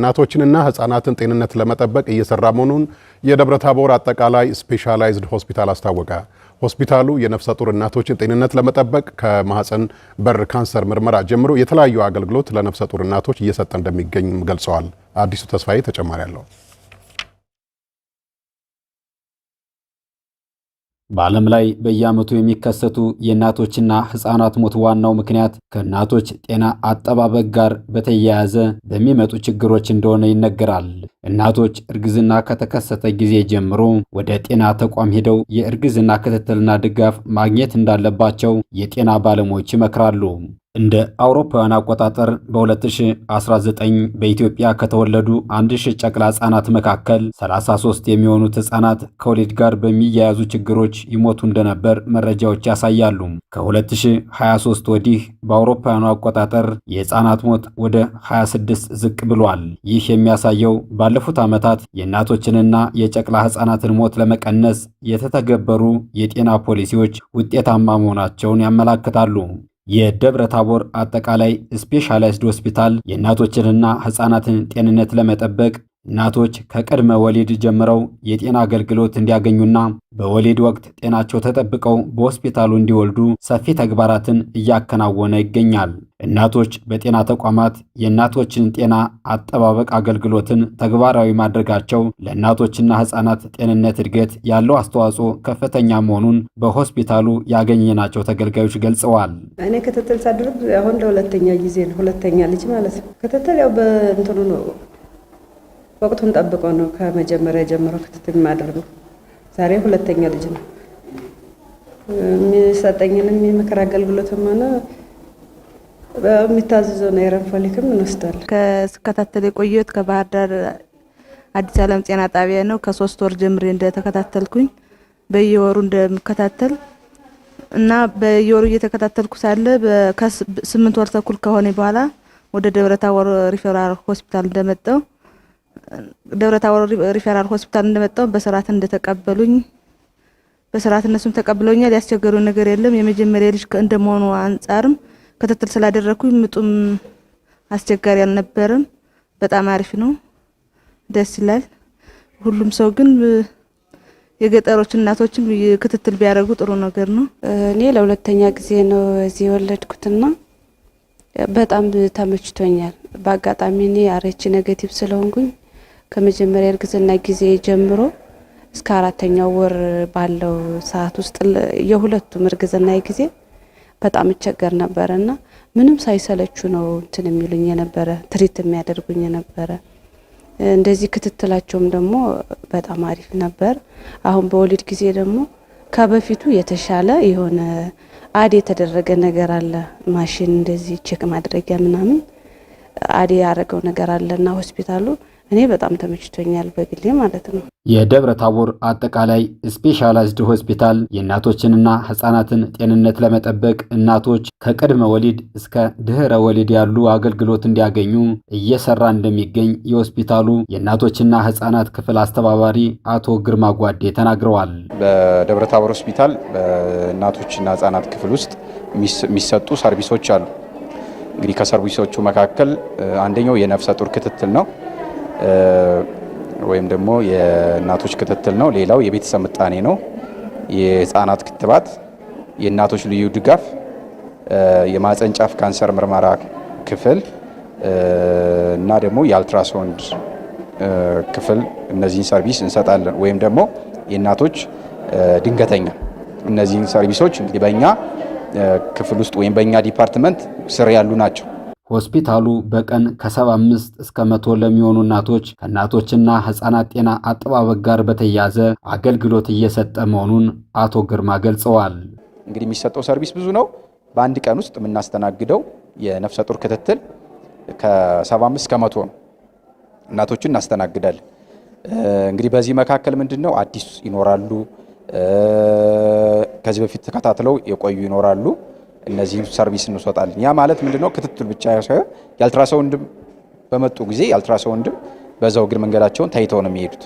እናቶችንና ህጻናትን ጤንነት ለመጠበቅ እየሰራ መሆኑን የደብረ ታቦር አጠቃላይ ስፔሻላይዝድ ሆስፒታል አስታወቀ። ሆስፒታሉ የነፍሰ ጡር እናቶችን ጤንነት ለመጠበቅ ከማህፀን በር ካንሰር ምርመራ ጀምሮ የተለያዩ አገልግሎት ለነፍሰ ጡር እናቶች እየሰጠ እንደሚገኝም ገልጸዋል። አዲሱ ተስፋዬ ተጨማሪ አለው። በዓለም ላይ በየዓመቱ የሚከሰቱ የእናቶችና ሕፃናት ሞት ዋናው ምክንያት ከእናቶች ጤና አጠባበቅ ጋር በተያያዘ በሚመጡ ችግሮች እንደሆነ ይነገራል። እናቶች እርግዝና ከተከሰተ ጊዜ ጀምሮ ወደ ጤና ተቋም ሄደው የእርግዝና ክትትልና ድጋፍ ማግኘት እንዳለባቸው የጤና ባለሙያዎች ይመክራሉ። እንደ አውሮፓውያን አቆጣጠር በ2019 በኢትዮጵያ ከተወለዱ 1000 ጨቅላ ህጻናት መካከል 33 የሚሆኑት ህጻናት ከወሊድ ጋር በሚያያዙ ችግሮች ይሞቱ እንደነበር መረጃዎች ያሳያሉ። ከ2023 ወዲህ በአውሮፓውያኑ አቆጣጠር የህጻናት ሞት ወደ 26 ዝቅ ብሏል። ይህ የሚያሳየው ባለፉት ዓመታት የእናቶችንና የጨቅላ ህጻናትን ሞት ለመቀነስ የተተገበሩ የጤና ፖሊሲዎች ውጤታማ መሆናቸውን ያመላክታሉ። የደብረ ታቦር አጠቃላይ ስፔሻላይዝድ ሆስፒታል የእናቶችንና ሕፃናትን ጤንነት ለመጠበቅ እናቶች ከቅድመ ወሊድ ጀምረው የጤና አገልግሎት እንዲያገኙና በወሊድ ወቅት ጤናቸው ተጠብቀው በሆስፒታሉ እንዲወልዱ ሰፊ ተግባራትን እያከናወነ ይገኛል። እናቶች በጤና ተቋማት የእናቶችን ጤና አጠባበቅ አገልግሎትን ተግባራዊ ማድረጋቸው ለእናቶችና ሕፃናት ጤንነት እድገት ያለው አስተዋጽኦ ከፍተኛ መሆኑን በሆስፒታሉ ያገኘናቸው ተገልጋዮች ገልጸዋል። እኔ ክትትል ሳደርግ አሁን ለሁለተኛ ጊዜ ነው። ሁለተኛ ልጅ ማለት ነው። ክትትል ያው በእንትኑ ነው፣ ወቅቱን ጠብቆ ነው ከመጀመሪያ ጀምሮ ክትትል የማደርገው። ዛሬ ሁለተኛ ልጅ ነው። የሚሰጠኝንም የምክር አገልግሎትም ሆነ የሚታዘዘውን አይረን እንወስዳለን። ከስከታተል የቆየሁት ከባህር ዳር አዲስ ዓለም ጤና ጣቢያ ነው። ከሶስት ወር ጀምሬ እንደተከታተልኩኝ በየወሩ እንደምከታተል እና በየወሩ እየተከታተልኩ ሳለ ስምንት ወር ተኩል ከሆነ በኋላ ወደ ደብረታቦር ሪፈራል ሆስፒታል እንደመጣው ደብረታቦር ሪፈራል ሆስፒታል እንደመጣው በስርዓት እንደተቀበሉኝ በስርዓት እነሱም ተቀብለውኛል። ያስቸገሩ ነገር የለም። የመጀመሪያ ልጅ እንደመሆኑ አንጻርም ክትትል ስላደረግኩኝ ምጡም አስቸጋሪ አልነበረም። በጣም አሪፍ ነው፣ ደስ ይላል። ሁሉም ሰው ግን የገጠሮች እናቶችም ክትትል ቢያደርጉ ጥሩ ነገር ነው። እኔ ለሁለተኛ ጊዜ ነው እዚህ የወለድኩትና በጣም ተመችቶኛል። በአጋጣሚ እኔ አሬች ነገቲቭ ስለሆንኩኝ ከመጀመሪያ እርግዝና ጊዜ ጀምሮ እስከ አራተኛው ወር ባለው ሰዓት ውስጥ የሁለቱም እርግዝና ጊዜ በጣም እቸገር ነበረ እና ምንም ሳይሰለቹ ነው እንትን የሚሉኝ የነበረ ትሪት የሚያደርጉኝ የነበረ። እንደዚህ ክትትላቸውም ደግሞ በጣም አሪፍ ነበር። አሁን በወሊድ ጊዜ ደግሞ ከበፊቱ የተሻለ የሆነ አድ የተደረገ ነገር አለ። ማሽን እንደዚህ ቼክ ማድረጊያ ምናምን አድ ያደረገው ነገር አለ እና ሆስፒታሉ እኔ በጣም ተመችቶኛል በግሌ ማለት ነው። የደብረ ታቦር አጠቃላይ ስፔሻላይዝድ ሆስፒታል የእናቶችንና ህጻናትን ጤንነት ለመጠበቅ እናቶች ከቅድመ ወሊድ እስከ ድህረ ወሊድ ያሉ አገልግሎት እንዲያገኙ እየሰራ እንደሚገኝ የሆስፒታሉ የእናቶችና ህጻናት ክፍል አስተባባሪ አቶ ግርማ ጓዴ ተናግረዋል። በደብረ ታቦር ሆስፒታል በእናቶችና ህጻናት ክፍል ውስጥ የሚሰጡ ሰርቪሶች አሉ። እንግዲህ ከሰርቪሶቹ መካከል አንደኛው የነፍሰ ጡር ክትትል ነው። ወይም ደግሞ የእናቶች ክትትል ነው። ሌላው የቤተሰብ ምጣኔ ነው። የህፃናት ክትባት፣ የእናቶች ልዩ ድጋፍ፣ የማህፀን ጫፍ ካንሰር ምርመራ ክፍል እና ደግሞ የአልትራሳውንድ ክፍል እነዚህን ሰርቪስ እንሰጣለን። ወይም ደግሞ የእናቶች ድንገተኛ እነዚህን ሰርቪሶች እንግዲህ በእኛ ክፍል ውስጥ ወይም በእኛ ዲፓርትመንት ስር ያሉ ናቸው። ሆስፒታሉ በቀን ከ75 እስከ መቶ ለሚሆኑ እናቶች ከእናቶችና ህፃናት ጤና አጠባበቅ ጋር በተያያዘ አገልግሎት እየሰጠ መሆኑን አቶ ግርማ ገልጸዋል። እንግዲህ የሚሰጠው ሰርቪስ ብዙ ነው። በአንድ ቀን ውስጥ የምናስተናግደው የነፍሰ ጡር ክትትል ከ75 እስከ መቶ ነው። እናቶችን እናስተናግዳል። እንግዲህ በዚህ መካከል ምንድን ነው አዲስ ይኖራሉ፣ ከዚህ በፊት ተከታትለው የቆዩ ይኖራሉ። እነዚህ ሰርቪስ እንሰጣለን። ያ ማለት ምንድነው? ክትትል ብቻ ሳይሆን የአልትራሳውንድም በመጡ ጊዜ የአልትራሳውንድም በዛው እግር መንገዳቸውን ታይተው ነው የሚሄዱት።